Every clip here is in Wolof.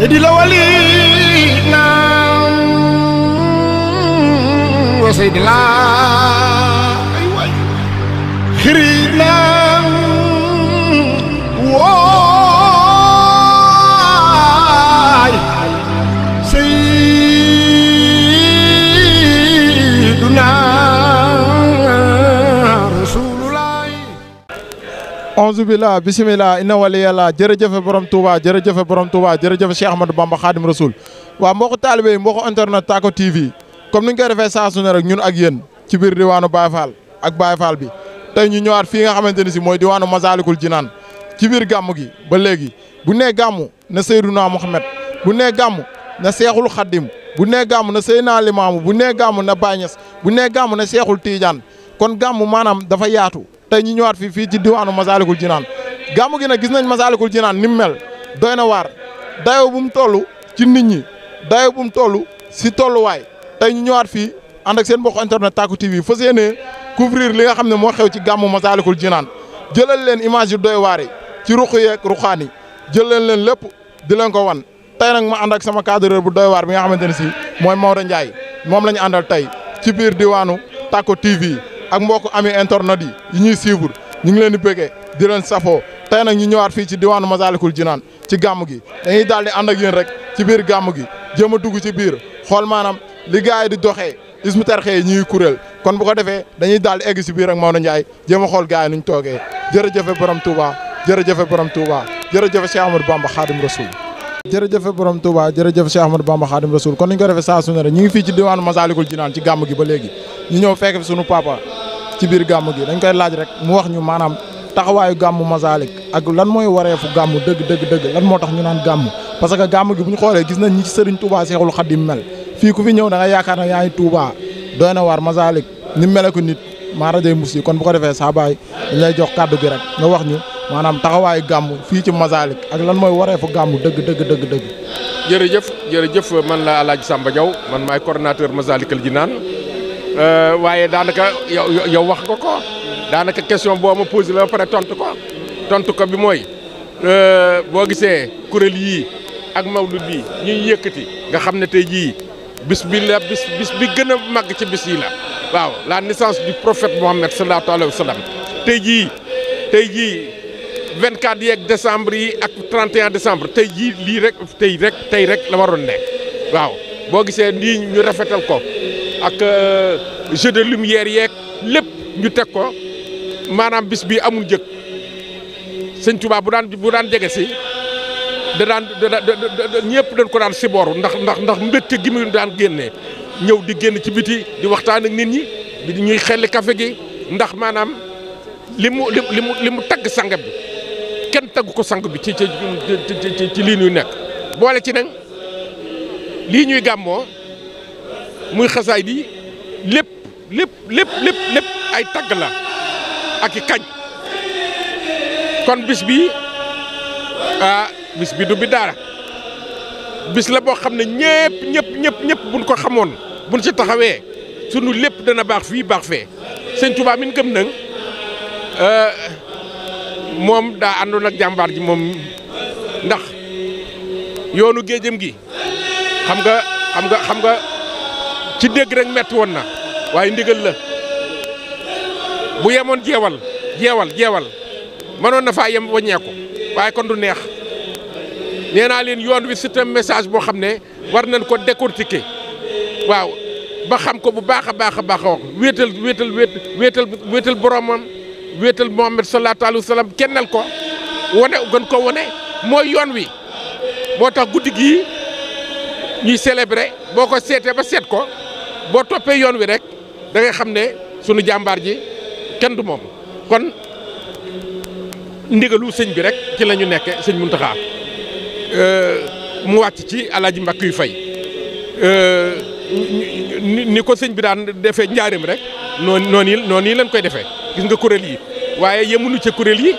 seydi la wali naam wa seydi la ay waay xiri naam onze billah bisimilah inna waliyallah jërëjëfe borom Touba jërëjëfe borom Touba jërëjëfe Cheikh Ahmadou Bamba Khadim Rasoul waaw mbokku taalibe yi mbokku internet Tacko TV comme ni ñu koy defee saa su ne rek ñun ak yéen ci biir diwaanu Baye Fall ak Baye Fall bi tey ñu ñëwaat fii nga xamante ni si mooy diwaanu Masalikul Jinaan ci biir gàmm gi ba léegi bu nee gàmm na Seydouna Mohamed bu nee gàmm na Seexul Xaddim bu nee gàmm na Seydina Limaamu bu nee gàmm na Baay bu nee gàmm na Seexul Tiijaan kon gàmm maanaam dafa yaatu tey ñu ñëwaat fii fii ci diwaanu Masaalikul Jinaan gàmmu gi nag gis nañ Masaalikul Jinaan ni mu mel doy na waar dayoo bu mu toll ci nit ñi dayoo bu mu toll si tolluwaay tey ñu ñëwaat fii ànd ak seen mbokk internet Tacko TV fa yéenee couvrir li nga xam ne moo xew ci gàmmu Masaalikul Jinaan jëlal leen image yu doy waar ci ruq yeeg ruqaan yi jëlal leen lépp di leen ko wan tey nag ma ànd ak sama cadreur bu doy waar bi nga xamante ne si mooy Maodo Ndiaye moom la ñu àndal tey ci biir diwaanu Tacko TV. ak mbokku ami internet yi yi ñuy suivre ñu ngi leen di bëggee di leen safoo tey nag ñu ñëwaat fii ci diwaanu Masaalikul Jinaan ci gàmm gi dañuy daal di ànd ak yéen rek ci biir gàmm gi jéem a dugg ci biir xool maanaam li gars yi di doxee Hizbut Tarqiyyah ñuy kuréel kon bu ko defee dañuy daal di egg si biir ak Maodo Ndiaye jéem a xool gars yi nuñ toogee jërëjëfe borom Touba jërëjëfe borom Touba jërëjëfe Cheikh Amadou Bamba Xaadim Rasul jërëjëfe borom Touba jërëjëf Cheikh Ahmadou Bamba Khadim Rasoul kon ni ñu ko defee saa su ne rek ñu ngi fii ci diwaanu Masalikul Jinaan ci gàmm gi ba léegi ñu ñëw fekk fi sunu papa ci biir gàmm gi dañ koy laaj rek mu wax ñu maanaam taxawaayu gàmmu Masalik ak lan mooy wareefu gàmm dëgg dëgg dëgg lan moo tax ñu naan gàmm parce que gàmm gi bu ñu xoolee gis nañ ñi ci Serigne Touba Cheikhul Khadim mel fii ku fi ñëw da yaakaar na yaa ngi Touba doy na waar Masalik ni mel ko nit maa rajo mus yi kon bu ko defee saa baay dañ lay jox kàddu gi rek nga wax ñu maanaam taxawaayu gàmm fii ci Masalik ak lan mooy waree fu dëgg dëgg dëgg dëgg. jërëjëf jërëjëf man la El Hadj Samba Diaw man maay coordonnateur Masalikul Jinaan euh, waaye daanaka yow wax ko ko daanaka question boo ma posé la ba pare tontu ko tontu ko bi mooy euh, boo gisee kuréel yii ak mawlud bi ñuy yëkkati nga xam ne tey jii bis bi la bis bis bi gën a màgg ci bis yi la waaw la naissance du prophète Mohammed sallallahu alayhi wa sallam tey jii tey jii. 24 yeeg décembre yi ak 31 décembre tey jii lii rek tey rek tey rek la waroon nekk waaw boo gisee nii ñu rafetal ko ak euh, jeu de lumière yeeg lépp ñu teg ko maanaam bis bii amul jëkk sëñ Tuubaa bu daan bu daan jege si da daan ñëpp dañ ko daan sibooru ndax ndax ndax mbégte gi mu daan génnee ñëw di génn ci biti di waxtaan ak nit ñi di ñuy xelli kafe gi ndax maanaam li mu li mu li mu tagg sangam bi tagg ko sang bi ci ci ci lii ñuy nekk boole ci nag lii ñuy gàmmoo muy xasaay di lépp lépp lépp lépp lépp ay tagg la ak i kañ kon bis bi ah bis bi du bi dara bis la boo xam ne ñëpp ñëpp ñëpp ñëpp buñ ko xamoon buñ ci taxawee sunu lépp dana baax fii baax fee sëñ Tuubaa min gëm nag euh, moom daa àndoon ak jàmbaar ji moom ndax yoonu géejëm gi xam nga xam nga xam nga ci dégg rek metti woon na waaye ndégal la bu yemoon jeewal jeewal jeewal mënoon na faa yem ba ñeeku waaye kon du neex nee naa leen yoon wi c'est un message boo xam ne war nañ ko décortiquer waaw ba xam ko bu baax a baax a baax a wax wéetal wéetal wéetal wéetal boromam. wéetal Muhammad sallallahu alayhi wa sallam kennal ko wane gën ko wone mooy yoon wi moo tax guddi gii ñuy célébrer boo ko seetee ba seet ko boo toppee yoon wi rek da xam ne sunu jàmbaar ji kenn du moom kon ndigalu sëñ bi rek ci la ñu nekkee sëñ Muntaxa euh, mu wàcc ci alaaji Mbàkke yu fay euh, ni ko sëñ bi daan defee njaarim rek noonu noonu yi noonu yi koy defee gis nga kuréel yi waaye yemuñu ca kuréel yi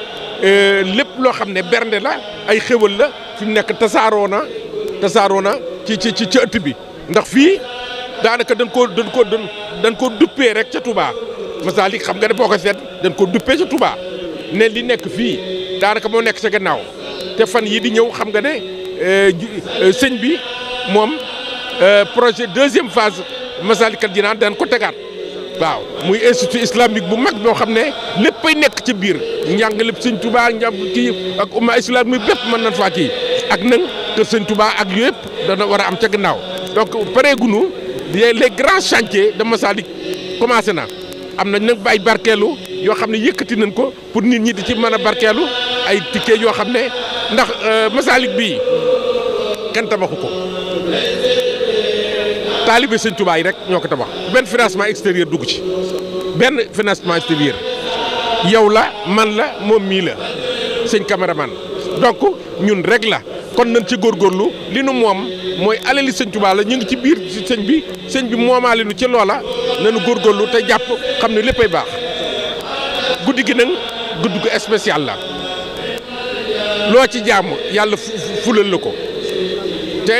euh, lépp loo xam ne bernde la ay xéwal la fi nekk tasaaroo na tasaaroo na ci ci ci ëtt bi ndax fii daanaka dañ ko dañ koo dañ koo duppee rek ca Touba Masalik xam nga ne boo ko seet dañ koo duppee ca Touba ne li nekk fii daanaka moo nekk ca gannaaw te fan yi di ñëw xam nga ne euh, euh, sëñ bi moom. Euh, projet deuxième phase Massalikul Jinaan daan ko tegaat waaw muy institut islamique bu mag boo xam ne lépp léppay nekk ci biir njàngale sëñ Touba njàng kii ak umma islamique bépp mën nañ faa kii ak nag kër sëñ Touba ak yëpp dana war a am ca gannaaw donc pareegunu les grands chantiers de Massalik commencé na am nañ nag ay barkeelu yoo xam ne yëkkati nañ ko pour nit ñi di ci mën a barkeelu ay ticket yoo xam ne ndax euh, Massalik bii kenn tabaxu ko. taalibe sëñ Tuubaa yi rek ñoo ko tabax benn financement extérieur dugg ci benn financement extérieur yow la man la moom mii la sëñ cameraman donc ñun rek la kon nañ ci góor góorlu li nu moom mooy alali sëñ Tuubaa la ñu ngi ci biir sëñ bi sëñ bi moomaale nu ci loola góor góorgóorlu te jàpp xam ne léppay baax guddi gi nag guddi gu spécial la loo ci jaamu yàlla fulal la ko te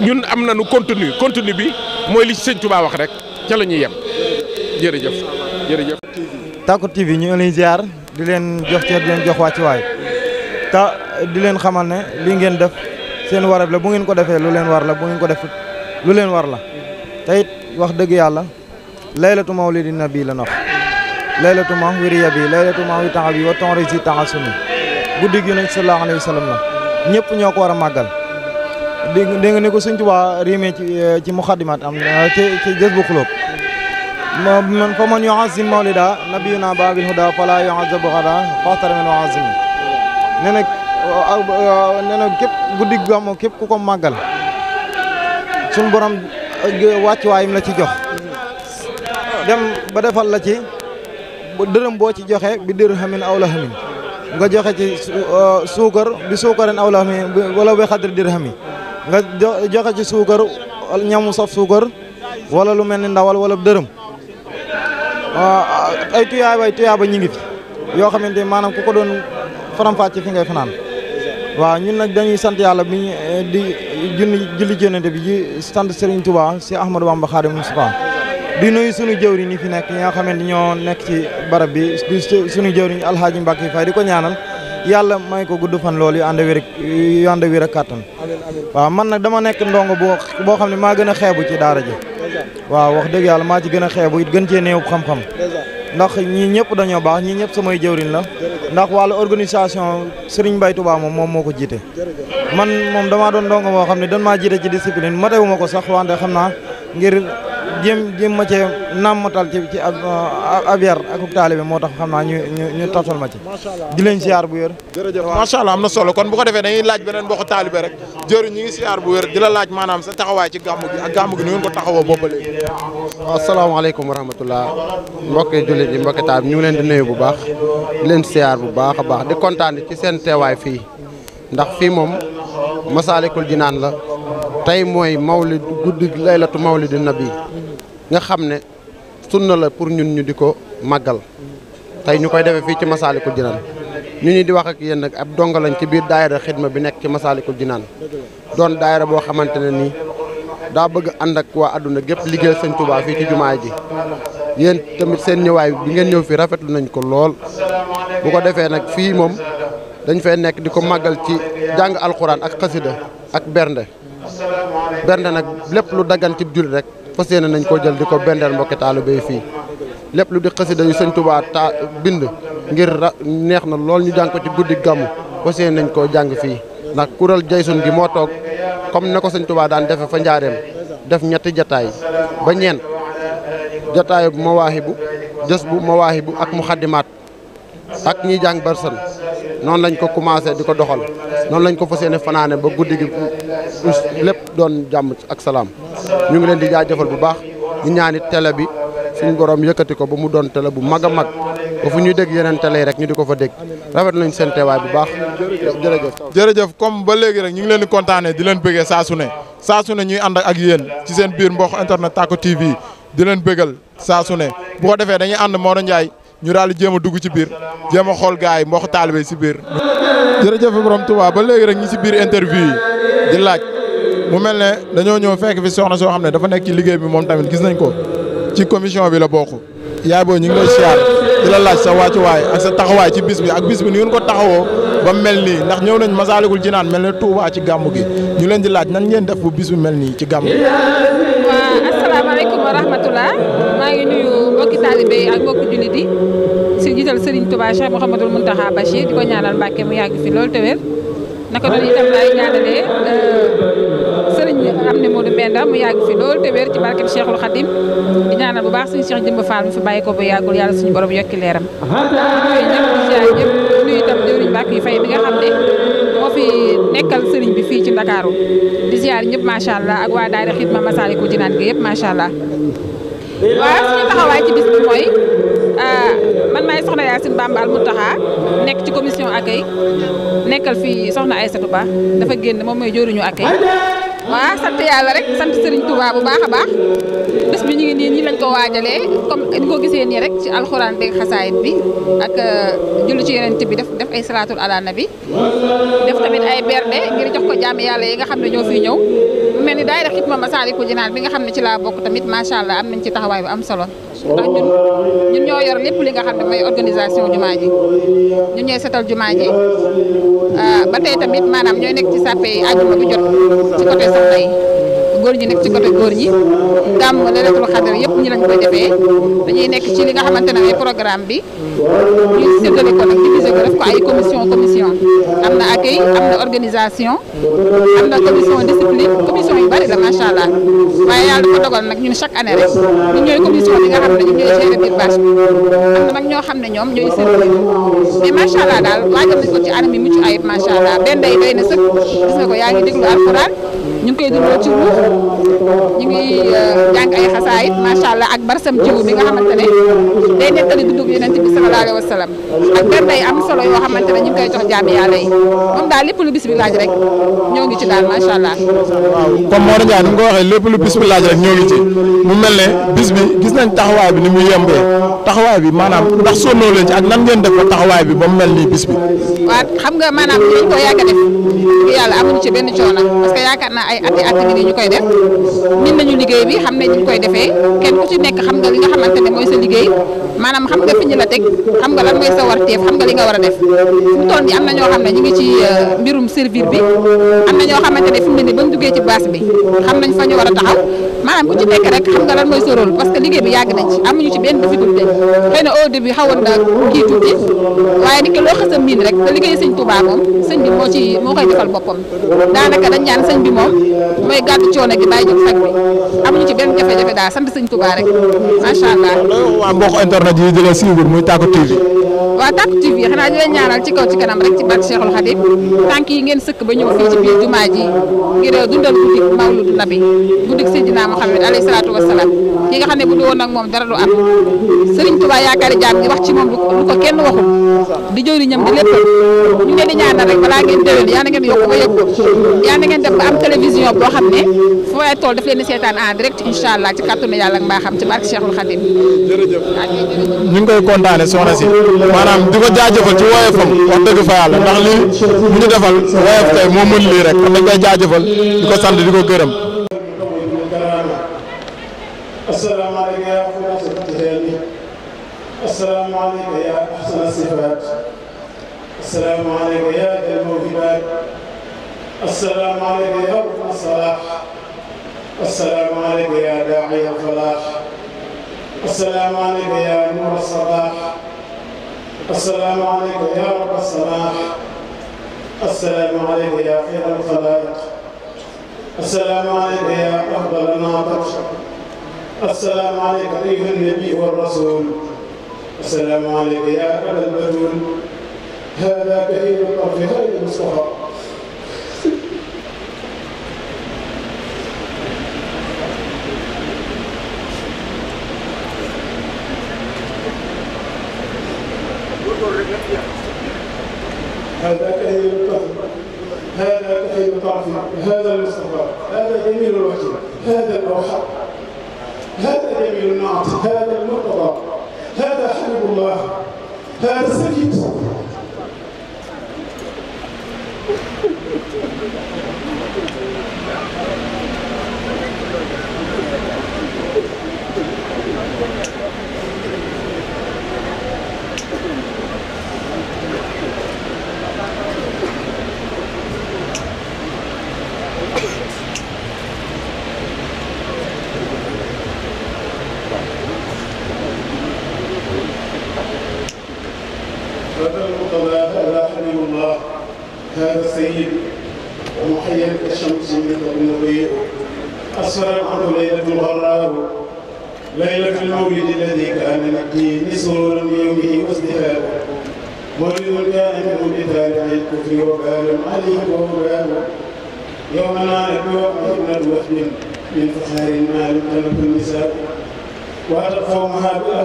ñun am na nañu contenu contenu bi mooy li sëñ Touba wax rek ca la ñuy yem jërëjëf jërëjëf. Tacko TV ñu ngi leen ziar di leen jox ceeb di leen jox waa ci waay di leen xamal ne li ngeen def seen warab la bu ngeen ko defee lu leen war la bu ngeen ko def lu leen war la te wax dëgg yàlla laylatu mawlidi nabi la nox laylatu ma wiriya bi laylatu ma wi taxa bi wa tonri si taxa sunu guddi gi yonent sallallahu alayhi wa sallam la ñëpp ñoo ko war a màggal dégg nga ne ko sëñ Tuubaa riime ci eh, ci muxaddimaat am eh, ci ci gës bu xulóob man fa man yuazim mawlida nabiyuna babil huda fala yuazab xada faxtar min yuazim nee na eh, nee na képp guddi gàmmu képp ku ko màggal suñ borom wàccuwaayam la ci jox dem ba defal la ci dërëm boo ci joxe bi dirhamin aw lahamin nga joxe ci suukar bi suukarin aw lahamin wala bi xadri dirhami nga joxe ci suukar ñamu saf suukar wala lu mel ni ndawal wala dërëm ah, ay tuyaay way tuyaa ba ñu ngi fi yoo xamante ni maanaam ko ko doon faram-fàcce fi ngay fanaan waaw ñun nag dañuy sant yàlla bi ñu eh, di junni julli jënante bi ji sant Serigne Touba si Ahmadou Bamba Khadim Moustapha di nuyu sunu jëwriñ ñi fi nekk ñi nga xamante ñoo nekk ci barab bi di sunu jëwriñ Alhaaji Mbacke di ko ñaanal yàlla may ko gudd fan loolu yu ànd wér yu ànd kàttan waaw man nag dama nekk ndongo boo boo xam ne maa gën a xeebu ci daara ji waaw wax dëgg yàlla maa ci gën a xeebu it gën cee néew xam-xam ndax ñii ñëpp dañoo baax ñii ñëpp samay jëwriñ la ndax wàllu organisation Serigne Mbaye Touba moom moom moo ko jiite man moom damaa doon ndongo moo xam ne dañ maa jiite ci discipline ma ko sax wante xam naa ngir jéem jéem ma cee nàmmatal ci ci euh, ab yar ak taalibe moo tax xam naa ñu ñu ñu tasal ma ci. leen siyaar bu wér. jërëjëf macha allah na solo kon bu ko defee dañuy laaj beneen mbokku taalibe rek jëriñ ñu ngi siyaar bu wér di la laaj maanaam sa taxawaay ci gàmm gi ak gàmm gi nu ngeen ko taxawoo boobu ba léegi. asalaamaaleykum wa rahmatulah mbokki jullit yi mbokki ñu ngi leen di nuyu bu baax di leen siyaar bu baax a baax di kontaan ci seen teewaay fii ndax fii moom Masaalikul Jinaan la. tey mooy mawlid guddi laylatu mawlidin nabi nga xam ne sunna la pour ñun ñu di ko màggal tey ñu koy defee fii ci Masaalikul Jinaan ñu ñu di wax ak yéen nag ab donga lañ ci biir daayira xidma bi nekk ci Masaalikul Jinaan doon daayira boo xamante ne nii daa bëgg ànd ak waa àdduna gépp liggéey sëñ Touba fii ci jumaa ji yéen tamit seen ñëwaay bi ngeen ñëw fi rafetlu nañ ko lool bu ko defee nag fii moom dañ fay nekk di ko màggal ci jàng alxuraan ak xasida ak bernde bernde nag lépp lu daggan ci rek fas yéene nañ koo jël di ko bendeel mbokki taalibe yi fii lépp lu di xasida yu sëñ Tuubaa ta bind ngir ra neex na lool ñu jàng ko ci guddi gàmmu fas yéene nañ koo jàng fii ndax kuréel jaysun gi moo toog comme ne ko sëñ Tuubaa daan defe fa njaareem def ñetti jataay ba ñeent jataayu mawaahibu jës bu bu ak muxaddimaat ak ñuy jàng barsan noonu lañ ko commencé di ko doxal noonu lañ ko fas yéene fanaane ba guddi gi lépp doon jàmm ak salaam ñu ngi leen di jaajëfal bu baax ñu ñaani télé bi suñu borom yëkkati ko ba mu doon tele bu mag a mag fu ñuy dégg yeneen télé yi rek ñu di ko fa dégg rafet nañ seen teewaay bu baax jërëjëf jërëjëf comme ba léegi rek ñu ngi leen di kontaanee di leen bëggee saa su ne saa su ñuy ànd ak yéen ci seen biir mboq internet Tacko TV di leen bëggal saa su ne bu ko defee dañuy ànd Modou Ndiaye ñu daal di jéem a dugg ci biir jéem a xool gars yi mbokk taalibe si biir. jërëjëf borom Touba ba léegi rek ñi si biir interview yi di laaj mu mel ne dañoo ñëw fekk fi soxna soo xam ne dafa nekk ci liggéey bi moom tamit gis nañ ko ci commission bi la bokk. yaay booy ñu ngi lay siyaar di la laaj sa wàccuwaay ak sa taxawaay ci biis bi ak bis bi ni ngeen ko taxawoo ba mel nii ndax ñëw nañ Masaalikul Jinaan mel ne Touba ci gàmm gi ñu leen di laaj nañ ngeen def bu bis bi mel nii ci gàmm taalibe yi ak mbokku jullit yi si jiital Serigne Touba Cheikh Mouhamadul Mountakha Bachir di ko ñaanal Mbàkke mu yàgg fi loolu te wér naka doon itam laay ñaanalee euh, Serigne am ne Modou Mbenda mu yàgg fi loolu te wér ci barke bi Cheikhul di ñaanal bu baax suñu Cheikh Jëmb Fall mu fi bàyyi ko bu yàggul yàlla suñu borom yokki leeram yooyu ñëpp siyaar ñëpp nuyu itam jëwriñ fay mi nga xam ne moo fi nekkal Serigne bi fii ci Ndakaaru di siyaar ñëpp macha allah ak waa daara xidma Masaalikul Jinaan yëpp macha allah waaw suñu taxawaay ci bis bi mooy euh, man maay soxna Yacine Bamba Mountakha nekk ci commission accueil nekkal fii soxna Aïssatou Ba dafa génn moom mooy jooruñu accueil waaw sant yàlla rek sant Serigne Touba baax a baax bés bi ñu ngi nii ñi lañ ko waajalee comme ni gisee nii rek ci alxuraan beeg xasaayit bi ak euh, julli ci yonent bi def ay salaatul ala bi def tamit ay berde ngir jox ko jaam yàlla yi nga xam ne ñoo fi ñëw mel ni daayira xitma Masaalikul Jinaan bi nga xam ne ci laa bokk tamit macha allah am nañ ci taxawaay bu am solo ndax ñun ñun ñoo yor lépp li nga xam ne mooy organisation jumaa ji ñun ñooy setal jumaa ji ah, ba tey tamit maanaam ñooy nekk ci sàppe yi àjjuma bu jot ci côté soxna yi góor ñi nekk ci côté góor ñi gàmm yëpp ñi lañ koy defee dañuy nekk ci li nga xamante ne mooy programme bi ñu séddale ko nag diviser ko def ko ay commission commission am na accueil am na organisation am na commission discipline commission yu bari la macha waaye yàlla dafa dogal nag ñun chaque année rek ñun ñooy commission bi nga xam ne ñun ñooy gérer biir bâche bi am na nag ñoo xam ne ñoom ñooy servir mais macha allah daal waajal nañ ko ci anam yi mucc ayib macha ñu ngi koy dundoo ci ruux ñu euh, am solo yoo xamante ne ñu ngi bi laaj rek ñoo ngi ci daal macha allah. waaw comme Mor Ndiaye ni nga ko waxee lépp lu bis bi laaj rek ñoo ngi ci mu mel ne bis bi gis nañ taxawaay bi ni mu yembee taxawaay bi maanaam ndax sonnoo leen ci ak nan ngeen def taxawaay bi ba mu mel nii bis bi. xam nga maanaam li ñu ko yàgg a def yàlla amuñu ci benn coono parce que yaakaar naa ay ati ati nii ñu koy def min nañu liggéey bi xam ne ñu koy defee kenn ku ci nekk xam nga li nga xamante ne mooy sa liggéey maanaam xam nga fi la teg xam nga li nga war a def na ñoo xam ñu ngi ci euh, mbirum servir bi am na ñoo xamante ci base bi xam nañ fa ñu war a taxaw maanaam ku ci nekk rek xam nga lan mooy sa parce que liggéey bi yàgg nañ ci amuñu ci benn difficulté xëy na au début xawoon na kii tuuti waaye ni loo xas a miin rek te liggéey sëñ Touba moom bi moo ci moo koy defal boppam daanaka dañ ñaan sëñ bi moom mooy gàtt coono gi bàyyi jóg faj bi amuñu ci benn jafe-jafe daal sant sëñ Tuubaa rek macha allah. waa mbokk internet yi di la suivre muy Tacko TV waa Tàkku TV xanaa ñu leen ñaanal ci kaw ci kanam rek ci barke Cheikhul Khadim tànk yi ngeen sëkk ba ñëw fii ci biir jumaa ji ngir eh, dundal guddi mawludu nabi guddi Seydina Muhammad alayhi salaatu wasalaam ki nga xam ne bu du woon ak moom dara du am Serigne Touba yaakaari jaam ñi wax ci moom lu ko kenn waxul di jëw di ñam di lépp ñu leen di ñaanal rek balaa ngeen déwén yaa na yokk ba yokk yaa na def ba am télévision boo xam ne foo ay tool daf leen di seetaan en direct i allah ci kàttanu yàlla ak mbaaxam ci barke Cheikhul Khadim. jërëjëf maanaam di ko jaajëfal ci woyofam wax dëgg fa yàlla ndax lii bu ñu defal woyof tey moo mën lii rek kon dañ koy jaajëfal di ko sant di ko gërëm. asalaamaaleykum yaa xuraatul xeeli asalaamaaleykum yaa axsana sifaat asalaamaaleykum yaa jal mawhibaat asalaamaaleykum yaa rukna salaax asalaamaaleykum yaa daaci alfalaax asalaamaaleykum yaa nuura salaax السلام عليك يا رب الصلاح السلام عليك يا خير الخلائق السلام عليك يا أفضل الناطق السلام عليك أيها النبي والرسول السلام عليك يا أبا البنون هذا كثير الطرف غير المصطفى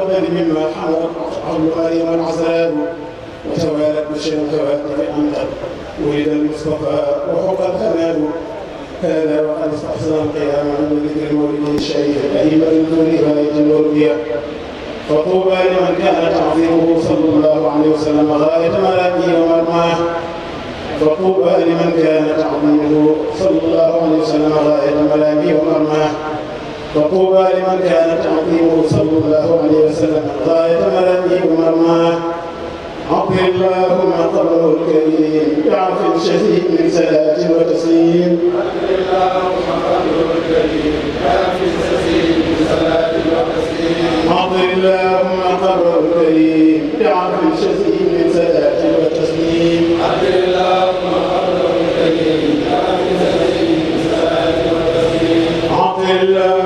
الأقدام مما حملت المقاري والعذاب وتوالت مشي الكواكب أمطر ولد المصطفى وحق الخلال هذا وقد استحسن القيام عند ذكر المولد الشريف أئمة الكون غاية الأولوية فطوبى لمن كان تعظيمه صلى الله عليه وسلم غاية ملاكه ومرماه فطوبى لمن كان تعظيمه صلى الله عليه وسلم غاية ملاكه ومرماه وطوبى لمن كان تعظيمه صلى الله عليه وسلم غاية مرامي ومرماه عطي اللهم قبره الكريم بعرف شديد من سلاة وتسليم عطي اللهم قبره الكريم بعرف شديد من سلاة وتسليم عطي اللهم قبره الكريم بعرف شديد من سلاة وتسليم عطي اللهم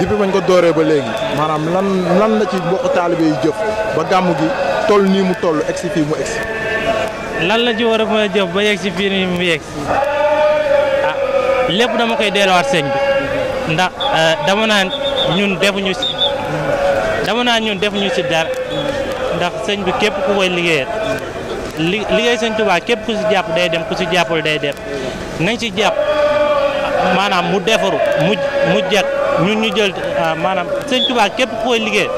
depuis bañ ko dooree ba léegi maanaam lan lan la ci mbokk taalibe yi jëf ba gàmm gi toll nii mu toll egsi mu egsi lan la ci war a mën a jëf ba yegsi nii mu yegsi ah, lépp dama koy delluwaat sëñ bi ndax euh, dama naan ñun defuñu si ñun defuñu si dara ndax sëñ bi képp ku koy liggéeyal li liggéey sëñ Tuubaa képp ku si jàpp day dem ku si jàppul day dem nañ si jàpp maanaam mu defaru mu jekk ñun ñu jël maanaam sëñ Tuubaa képp koy liggéey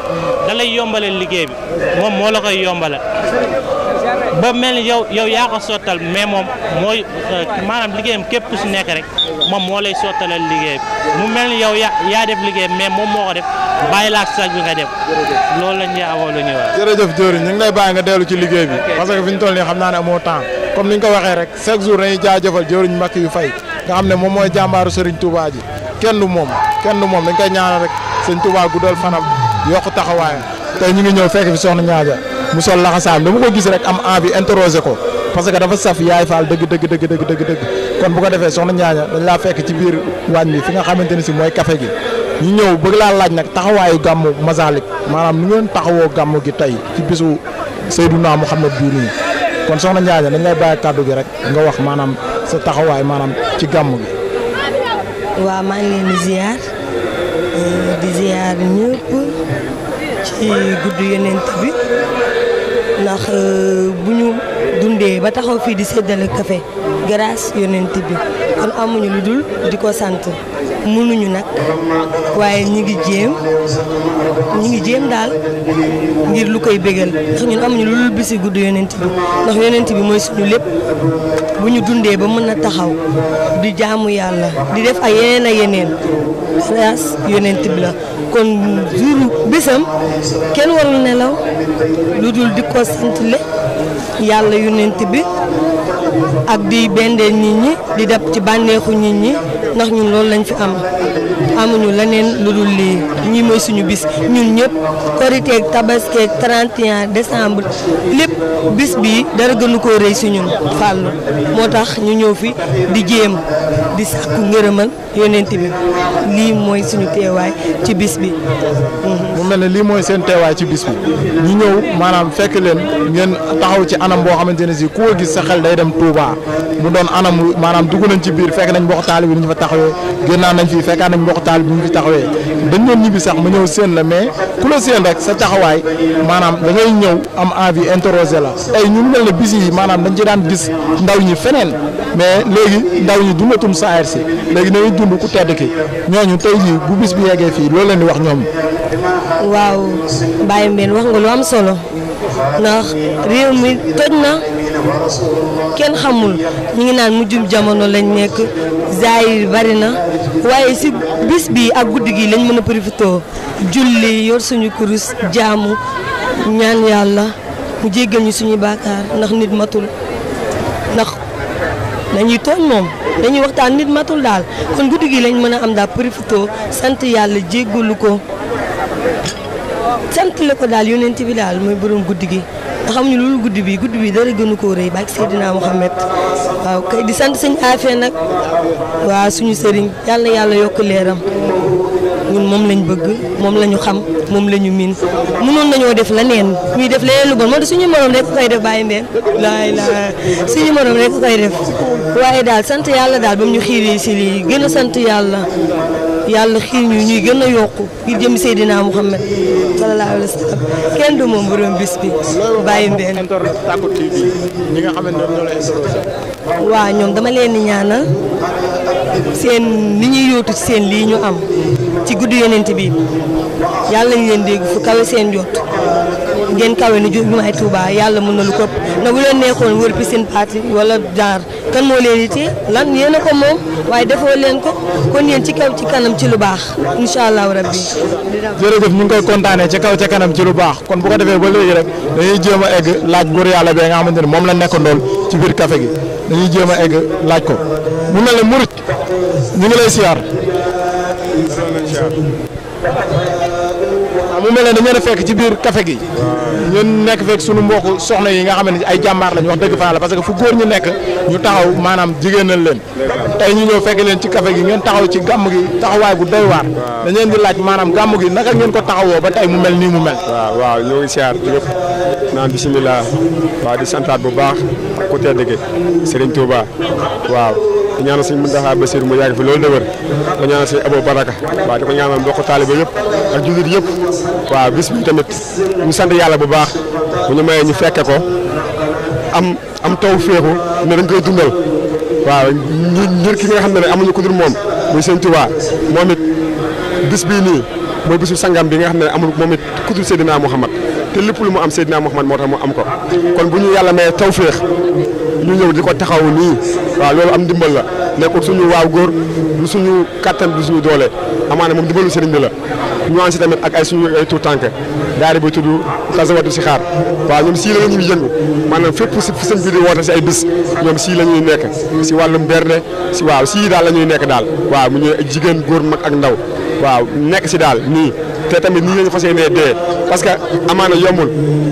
da lay yombale liggéey bi moom moo la koy yombale ba mel ni yow yow yaa ko sottal mais moom mooy euh, maanaam liggéeyam képp ku si nekk rek moom moo lay sottalal liggéey bi mu mel ni yow yaa yaa def liggéeyam mais moom moo ko def bàyyi laak sag bi nga def loolu lañ ñuy awoon lu ñuy wax jërëjëf Diori ñu lay bàyyi nga dellu ci liggéey bi parce que fi ñu toll nii xam naa ne amoo temps comme ni ko waxee rek chaque jour dañuy jaajëfal jëwriñ mbakk yu fay nga xam ne moom mooy jàmbaaru Serigne Touba ji kenn moom kenn du moom dañ koy ñaanal rek sëñ Touba guddal fanam yokk taxawaayam. tey ñu ngi ñëw fekk fi soxna Ñaaja mu sol laxasaam dama ko gis rek am envie interroger ko parce que dafa saf yaay faal dëgg dëgg dëgg dëgg dëgg dëgg kon bu ko defee soxna Ñaaja dañ laa fekk biir wàññi fi nga xamante ni si mooy café gi. ñu ñëw bëgg laa laaj nag taxawaayu gàmmu Masalik maanaam nu ngeen taxawoo gàmmu gi tey ci bisu Seydouna Mouhamed bii nii kon soxna Ñaaja dañ lay bàyyi kàddu gi rek nga wax maanaam sa taxawaay maanaam ci gàmmu gi. waaw di ziar ñëpp ci guddi yonent bi ndax euh, bu ñu dundee ba taxaw fii di séddale kafe grâce yonent bi kon amuñu lu dul di ko sant mënuñu nag waaye ñi ngi jéem ñi ngi jéem daal ngir lu koy bégal ndax ñun amuñu lu dul bisi gudd yonent bi ndax yonent bi mooy suñu lépp bu ñu dundee ba mën a taxaw di jaamu yàlla di def ay yeneen ak yeneen xalaas yonent bi la kon juru bésam kenn warul nelaw lu dul di ko santle yàlla yonent bi ak di bendeel nit ñi di def ci bànneexu nit ñi ndax ñun loolu lañ fi am amuñu leneen lu dul lii ñii mooy suñu bis ñun ñëpp koriteeg tabaskeeg 31 décembre lépp bis bi dara gënu koo rëy si ñun fàllu moo tax ñu ñëw fi di jéem di sàkku ngërëmal yonent bi lii mooy suñu teewaay ci bis bi. mu mel ne lii mooy seen teewaay ci bis bi ñu ñëw maanaam fekk leen ngeen taxaw ci anam boo xamante ne si ku ko gis sa xel day dem Touba mu doon anam maanaam dugg nañ ci biir fekk nañ mboq taalibe yi ñu fa taxawee génn nañ fi fekkaat nañ mboq taal bi mu fi taxawee dañ doon ñibbi sax ma ñëw seen la mais ku la seen rek sa taxawaay maanaam da ngay ñëw am envie interroger la tey ñu mel ne bis yi maanaam dañ ci daan gis ndaw ñi feneen mais léegi ndaw ñi dundatum saayir si léegi dañuy dund ku tedd ki ñu tey jii bu bis bi yeggee fii loolu leen di wax ñoom. waaw Baye Mbène wax nga lu am solo ndax réew mi toj na. kenn xamul ñu ngi naan mujjum jamono lañ nekk zaayir bari na waaye si bis bi ak guddi gi lañ mën a profité julli yor suñu kurus jaamu ñaan yàlla mu jéggal ñu suñu baakaar ndax nit matul ndax dañuy tooñ moom dañuy waxtaan nit matul daal kon guddi gi lañ mën a am daal profité sant yàlla jéggalu ko sant la daal daal yonent bi daal mooy borom guddi gi. xamuñu loolu guddi bi guddi bi dara gënu koo rëy baak Seydina Mohamed waaw kay di sant sëñ Afia nag waa suñu sëriñ yàlla yàlla yokk leeram ñun moom lañ bëgg moom lañu ñu xam moom lañu miin mënoon nañoo def leneen ñuy def leneen lu bon moo tax suñu morom rek koy def bàyyi ndeen laay la suñu morom rek koy def waaye daal sant yàlla daal ba mu ñu xiiri si lii gën a sant yàlla yàlla xiir ñu ñuy gën a yokku ngir jëm Seydina Mouhamed sallallahu alayhi wa sallam kenn du moom borom bis bi bàyyi mbeen waaw ñoom dama leen di ñaanal seen ni ñuy yóotu ci seen lii ñu am ci guddi yonent bi yàlla ñu leen dégg fu kawe seen jot ngeen kawe ni jumaay Tuuba yàlla mën na lu këpp na bu leen neexoon wër piscine party wala daar kan moo leen yittee lan yéen a ko moom waaye defoo leen ko kon yéen ci kaw ci kanam ci lu baax incha allahu rabbi. jërëjëf ñu ngi koy kontaanee ci kaw ci kanam ci lu baax kon bu ko defee ba léegi rek dañuy jéem a egg laaj góor yàlla bee nga xamante ne moom la nekk ndool ci biir kafe gi dañuy jéem a egg laaj ko mu mel ne Mouride ñu ngi lay siyaar. mu mel ne dañu leen a fekk ci biir café gi ñun nekk fekk sunu mbokk soxna yi nga xam ne ay jàmbaar lañ wax dëgg fa la parce que fu góor ñu nekk ñu taxaw maanaam jigéenal leen tey ñu ñëw fekk leen ci kafe gi ngeen taxaw ci gàmm gi taxawaay bu doy waar dañ ngeen di laaj maanaam gàmm gi naka ngeen ko taxawoo ba tey mu mel nii mu mel waaw waaw ñoo ngi siyaar ñëpp naan bisimilah waaw di santaat bu baax ak côté dëgg Serigne Touba waaw di ñaanal sëñ Muntaxa Basiir mu yàgg fi loolu dëgër di ñaanal sëñ Abo Baraka waaw di ko ñaanal mbokk taalibe yëpp ak jullit yëpp waaw bis bi tamit ñu sant yàlla bu baax bu ñu mayee ñu fekke ko am am taw féexu ne dañ koy dundal waaw ngir ki nga xam ne ne amuñu ku dul moom muy sëñ Tuubaa moom it bii nii mooy bisu sangam bi nga xam ne amul moom it ku dul Seydina Muhammad te lépp lu mu am Seydina Muhammad moo tax mu am ko kon bu ñu yàlla mayee taw féex ñu ñëw di ko taxaw nii waaw loolu am ndimbal la nekkul suñu waaw góor du suñu kattan du suñu doole amaana moom dimbalu sëriñ bi la ñu ànd si tamit ak ay suñu ay tuut tànk daari bi tudd tasawatu si xaar waaw ñoom sii la ñuy yëngu maanaam fépp si sëñ bi di ay bis ñoom sii la ñuy nekk si wàllum berne si waaw sii daal la ñuy nekk daal waaw mu ñëw jigéen góor mag ak ndaw waaw nekk si daal nii te tamit nii lañu fas yéenee dee parce que amaana yombul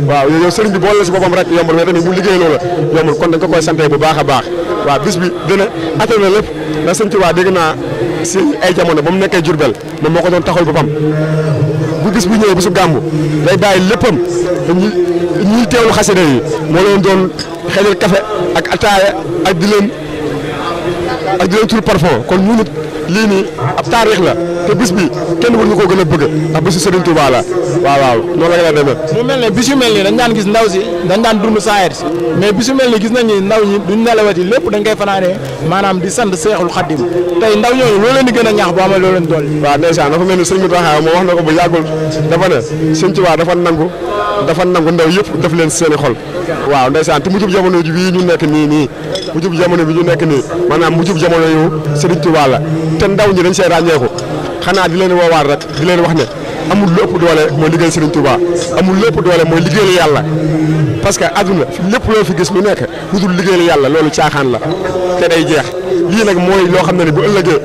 waaw yow sëriñ bi boole la si boppam rek yombul mais tamit bu liggéey loola yombul kon dañ koy sante bu baax a baax waaw bis bi dina attan na lépp ndax sëñ Tuubaa dégg si ay jamono ba mu nekkee Jurbel moom moo ko doon taxawul boppam bu bis bu ñëwee bisu gàmmu day bàyyi léppam ñi ñiy teewlu xasida moo leen doon xelal kafe ak ataaya ak di ak di leen tur parfum kon ñu nit lii ab taarix la te bis bi kenn war ñu koo gën a bëgg ndax bisu Serigne Touba la waaw waaw noonu la nga demee. mu mel ne bis mel nii dañ gis ndaw si dañ daan dund saayir si mais mel nii gis nañ ni ndaw ñi duñ nelawati lépp dañ koy fanaanee maanaam di sant Seexul Xaddim tey ndaw ñooñu loo leen di gën a ñaax boo amee loo leen dool waaw ndeysaan dafa mel ni sëñ bi taxaw moo wax na ko bu yàggul dafa ne Serigne Touba dafa nangu leen seeni xol waaw ndeysaan te mujjub jamono ji bii ñu nekk nii mu jub jamono bi ñu nekk nii maanaam mujjub jamono yu Serigne Touba la te ndaw ñi dañ see ràññeeku xanaa di leen woowaat rek di leen wax ne amul lu doole mooy liggéey Serigne Touba amul lu ëpp doole mooy liggéeyal yàlla parce que àdduna lépp loo fi gis lu nekk lu dul liggéeyal yàlla loolu caaxaan la te day jeex lii nag mooy loo xam ne ne bu ëllëgee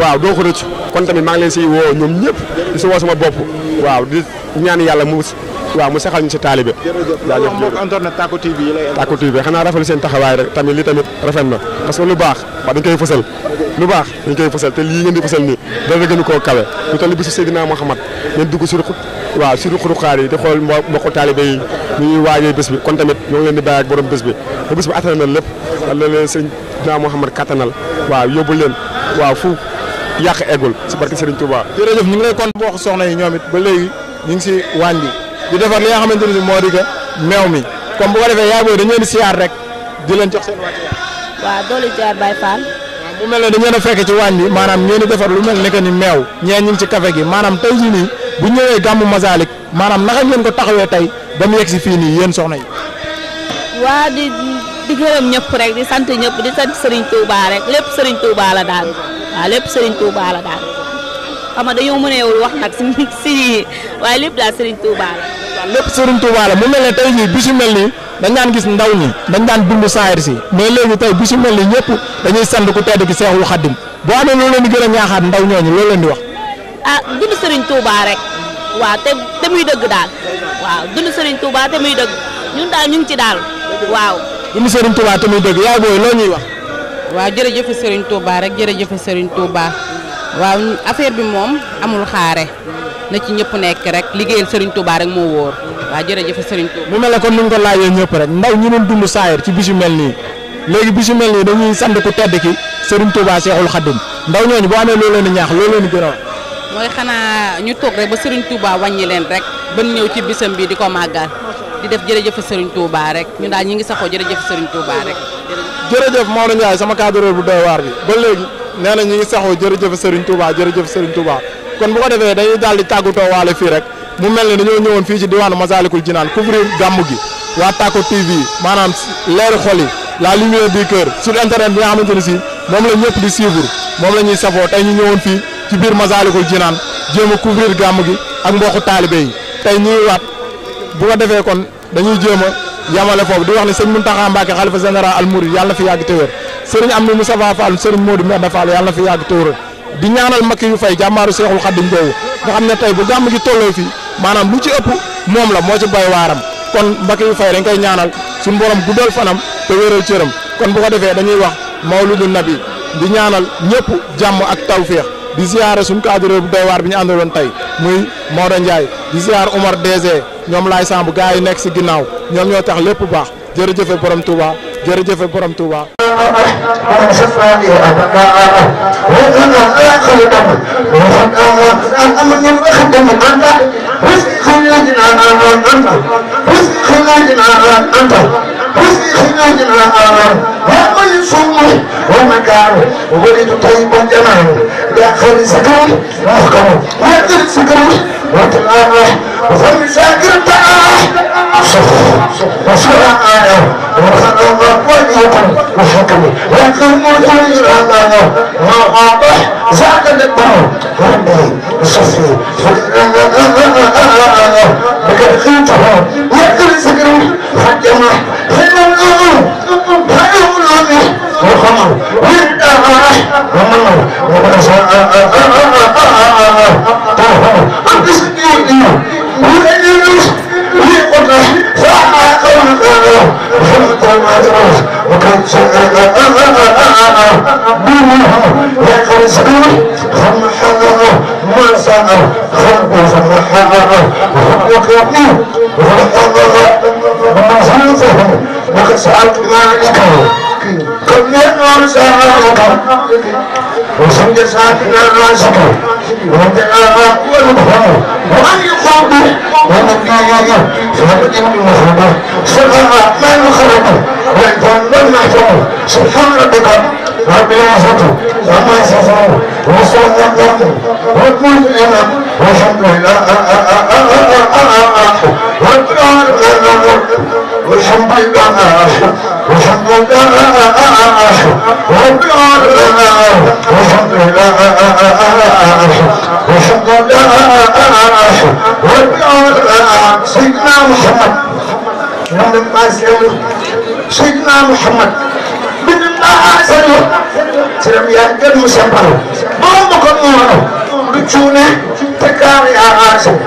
waaw doo ko rëcc kon tamit maa ngi leen siy woo ñoom ñëpp di si woo sama bopp waaw di ñaan yàlla mu waaw mu saxal ñu si taalibe jaajëf Tacko TV xanaa rafetlu seen taxawaay rek tamit li tamit rafet na parce que lu baax ba dañ koy fësal lu baax dañ koy fësal te lii ngeen di fësal nii dara gënu koo kawe lu toll bisu Seydina Muhammad ngeen dugg si ruq waaw ruqaar yi di xool mbokku taalibe yi ñu ñuy waajee bés bi kon tamit ñoo ngi leen di bàyyi ak borom bés bi te bés bi attan na lépp la leen Seydina Muhammad kattanal waaw yóbbu leen waaw fu yàq eggul si barke Serigne Touba jërëjëf ñu ngi lay kon boo soxna yi ñoom it ba léegi ñu ngi si wàññi di defar li nga xamante ne moo di que meew mi comme bu ko defee yaay booy dañu leen di siyaar rek di leen jox seen wàcc waaw doole jaar Baye Fall. mu mel ne dañu a fekk ci waañ bi maanaam ngeen di defar lu mel ne que ni meew ñee ñu ngi ci café gi maanaam tey jii nii bu ñëwee gàmmu Masalik maanaam naka ngeen ko taxawee tey ba mu yegg si fii nii yéen soxna yi. waa di di gërëm ñëpp rek di sant ñëpp di sant Serigne Touba rek lépp Serigne Touba la daal waaw lépp Serigne Touba la daal xam nga dañoo mënewul wax nag si si waaye lépp daal Serigne Touba lépp Serigne Touba la mu mel ne tey jii bisu mel nii dañ daan gis ndaw ñi dañ daan dund saayir si mais léegi tey bisu mel nii ñëpp dañuy sant ku tedd ki Seexu Xaddim boo amee loolu leen di gën a ñaaxaat ndaw ñooñu loolu leen di wax. ah dund Serigne Touba rek waa te te muy dëgg daal waaw dund Serigne Touba te muy dëgg ñun daal ñu ngi ci daal waaw. dund Serigne Touba te muy dëgg yaa booy loo ñuy wax. waaw jërëjëf Serigne Touba rek jërëjëf Serigne Touba waaw affaire bi moom amul xaare. na ci ñëpp nekk rek liggéeyal Serigne Touba rek moo wóor waaw jërëjëf Serigne Touba. mu mel ne kon ni ñëpp rek ndaw ñu doon dund saayir ci bis yu mel nii léegi bis yu mel nii dañuy sant ku tedd ki Serigne Touba Seexul Xadim ndaw leen di ñaax loo leen di gën a mooy xanaa ñu toog rek ba Serigne Touba wàññi leen rek ba ñëw ci bisam bi di ko màggal di def jërëjëf Serigne Touba rek ñu daal ñu ngi saxoo jërëjëf Serigne Touba rek. jërëjëf Maodo a sama cadreur bu doy waar bi ba léegi nee na ñi ngi saxoo jërëjëf Serigne Touba jërëjëf Serigne Touba kon bu ko defee dañuy daal di tàggatoo waale fii rek mu mel ni dañoo ñëwoon fii ci diwaanu Masalikul Jinaan couvrir gàmmu gi waa Tako TV maanaam leeru xol yi la lumière du cœur sur internet bi nga xamante ni si moom la ñëpp di suivre moom la ñuy safoo tey ñu ñëwoon fii ci biir Masalikul Jinaan jéem a couvrir gàmm gi ak mbokku taalibe yi tey ñuy waat bu defee kon dañuy jéem a yamale foofu di wax ne sëñ Mountakha Mbacké xalifa général al Mouride yàlla na fi yàgg te wér sëriñ Amdi Moustapha Fall sëriñ Modou fi yàgg te di ñaanal Makki yu fay jàmbaaru seexul xaddim jooju nga xam ne bu gàmm gi tolloo fii maanaam lu ci ëpp moom la moo ci bay waaram kon Makki yu fay dañ koy ñaanal suñu borom guddal fanam te wéral cëram kon bu ko defee dañuy wax mawludu nabi di ñaanal ñëpp jàmm ak tawféex di ziare suñ cadre bu doy waar bi ñu àndaloon tey muy Maodo Ndiaye di ziare Omar DG ñoom laay Samb gaa yi nekk si ginnaaw ñoom ñoo tax lépp baax jërëjëfe borom Touba jërëjëfe borom Touba. ومن شفاني أبناء وإن آخرهم ومن أمن أخدم أنت رزق لجنا أنت رزق لجنا أنت رزق لجنا أنت ومن صمت ومكان وولد طيب جمال بأخر سكوت محكم وأدر سكوت وتلامح وفم ساكر تعاح صف وصل آية ورخل الله وليكم وحكم ويكون طيب أمانه وأعطح زاد للطعم وربي وصفي بكر خيطه وأدر سكوت حجمه حلو ومنعوا ومنعوا ومنعوا وكان ساكن الراشد وجعلها والبحر ومن يقوم ومن يقوم ومن يقوم سمع من خلقه ويكون من محفوظ سبحان ربك رب العزة عما يصفون وصلى الله وكل إمام وشكر لا أعلم والحمد لله والحمد لله والحمد لله والحمد لله والحمد لله سيدنا محمد من الناس سيدنا محمد من الناس سلام يا قد مسبر ما مكن بتشونه تكاري عاشق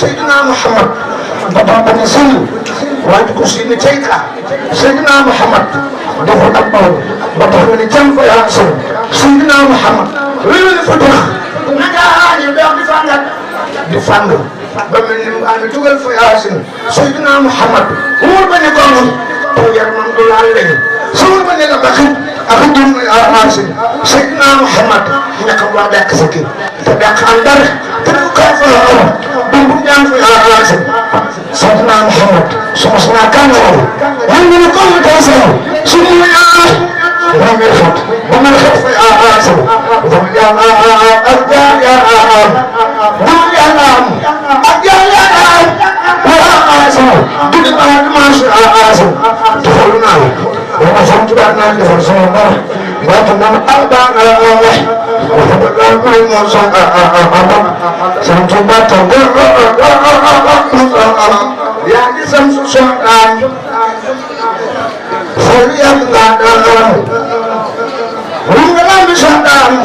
سيدنا محمد بابا بنسل wante aussi ne ceyta Seydina Muhammad dafa dab Maodo ba tax na ne jàng ko yaa sow Seydina Muhammad loolu la fa tax na ngaa aaje di fàngal di fàngal ba mel ni mu ànd dugal fa yaasin Seydina Muhammad ba ne gongo taw yaramam du laal ba ne أبدون الأرماسي سيدنا محمد إنك الله داك سكين تداك عن دارك تدوكا في الأرض بمبنيان في الأرماسي سيدنا محمد سمسنا كان رأي ومن كل تنسل سمو يعرف ومن الخط ومن الخط في الأرماسي ومن يا أرجال يا أرجال ومن يا أرجال أرجال يا أرجال وأرجال دون أرماسي أرجال تخلنا وما صمت بعدنا كفر صوما بطنا أبانا وحبنا من صنع صمت بطنا يعني صمت صنعان فريم لنا هو لم صنعان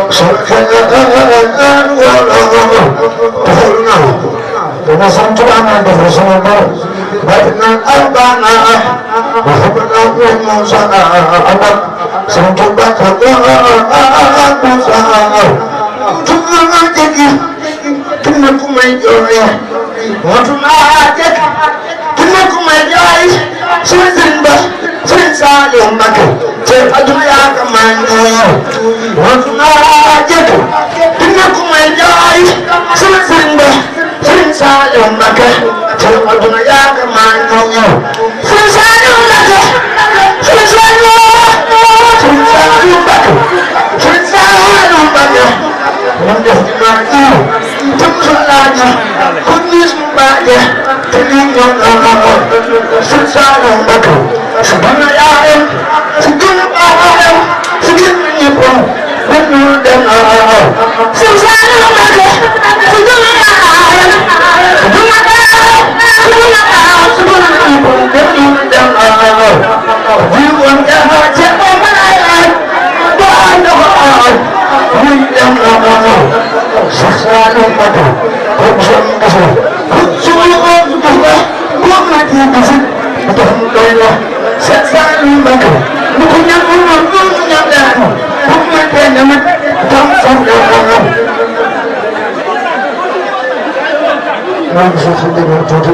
ma enen wonoo tofolnaa kono santuɗanan defo sono mbaro mbaɗinan albana o heɓaɗa ɗumon sana awan santuɗaka ɗoaɗusaa tumnaa jegi tumna kumay ƴoe wotumaa jek tumna kumay ƴoyi sirgin ba sëñ Saliou Mbacké te adu yaaka maa ñëw wax naa jëtu dina ko may jaay sama sëriñ ba sëriñ Saliou Mbacké te adu yaaka maa ñëw sëriñ Saliou Mbacké sëriñ Saliou sëriñ Saliou Mbacké sëriñ Saliou Mbacké man def dinaa ñëw te musul baɗe ta ɗingon ɗanɗanon sun tsarin bato su bana ya'yan su gina ɓara'yan su gina ikon wannan ɗan ɗanɗanon sun tsarin bato su gina ɓara'yan su gina ɓara'yan su gina ɓara'yan su gina ikon wannan ɗan ɗanɗanon ശാസ്ത്രാലയം കണ്ടു Thank you.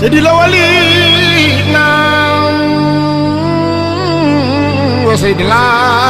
سيدي لولينا وسيدي الله